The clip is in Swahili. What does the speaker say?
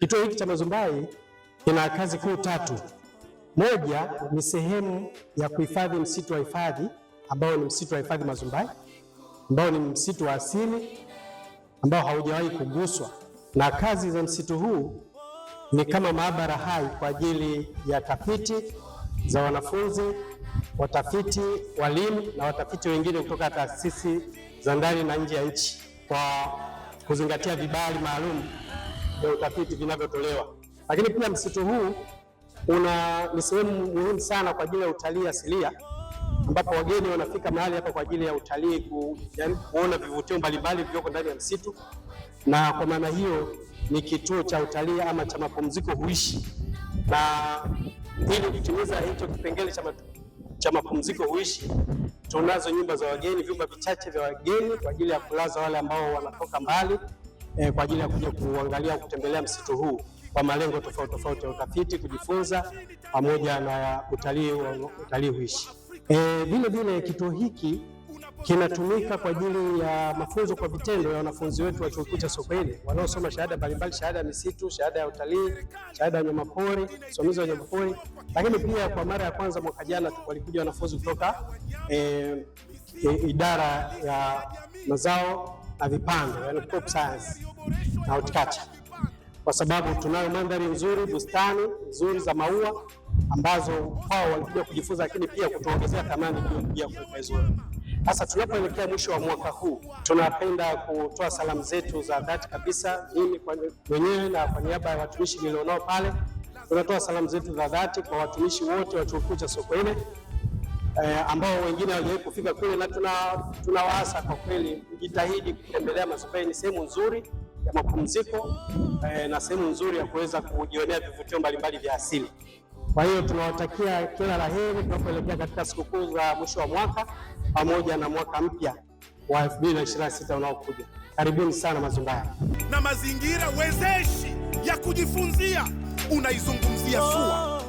Kituo hiki cha Mazumbai kina kazi kuu tatu. Moja ni sehemu ya kuhifadhi msitu wa hifadhi ambao ni msitu wa hifadhi Mazumbai, ambao ni msitu wa asili ambao haujawahi kuguswa, na kazi za msitu huu ni kama maabara hai kwa ajili ya tafiti za wanafunzi, watafiti, walimu na watafiti wengine kutoka taasisi za ndani na nje ya nchi kwa kuzingatia vibali maalum vya utafiti vinavyotolewa. Lakini pia msitu huu una ni sehemu muhimu sana kwa ajili ya utalii asilia, ambapo wageni wanafika mahali hapa kwa ajili ya utalii ku, yani, kuona vivutio mbalimbali vilivyoko ndani ya msitu, na kwa maana hiyo ni kituo cha utalii ama cha mapumziko huishi, na ili kutimiza hicho kipengele cha cha mapumziko huishi tunazo nyumba za wageni, vyumba vichache vya wageni kwa ajili ya kulaza wale ambao wanatoka mbali eh, kwa ajili ya kuja kuangalia kutembelea msitu huu kwa malengo tofauti tofauti ya utafiti, kujifunza pamoja na utalii utalii huishi. Eh, vile vile kituo hiki kinatumika kwa ajili ya mafunzo kwa vitendo ya wanafunzi wetu wa chuo kikuu cha Sokoine wanaosoma shahada mbalimbali, shahada ya misitu, shahada ya utalii, shahada ya wanyamapori, usimamizi wa wanyamapori. Lakini pia kwa mara ya kwanza mwaka jana walikuja wanafunzi kutoka e, e, idara ya mazao na vipando, yani crop science na horticulture, kwa sababu tunayo mandhari nzuri, bustani nzuri za maua ambazo wao walikuja kujifunza, lakini pia kutuongezea thamani pia kuipezuri. Sasa tunapoelekea mwisho wa mwaka huu, tunapenda kutoa salamu zetu za dhati kabisa, mimi mwenyewe na kwa niaba ya watumishi nilionao pale, tunatoa salamu zetu za dhati kwa watumishi wote wa Chuo Kikuu cha Sokoine eh, ambao wengine hawajawahi kufika kule, na tunawaasa kwa kweli kujitahidi kutembelea Masubei. Ni sehemu nzuri ya mapumziko eh, na sehemu nzuri ya kuweza kujionea vivutio mbalimbali vya asili. Kwa hiyo tunawatakia kila la heri tunapoelekea katika sikukuu za mwisho wa mwaka pamoja na mwaka mpya wa 2026 unaokuja. Karibuni sana Mazumbaya na mazingira wezeshi ya kujifunzia. Unaizungumzia SUA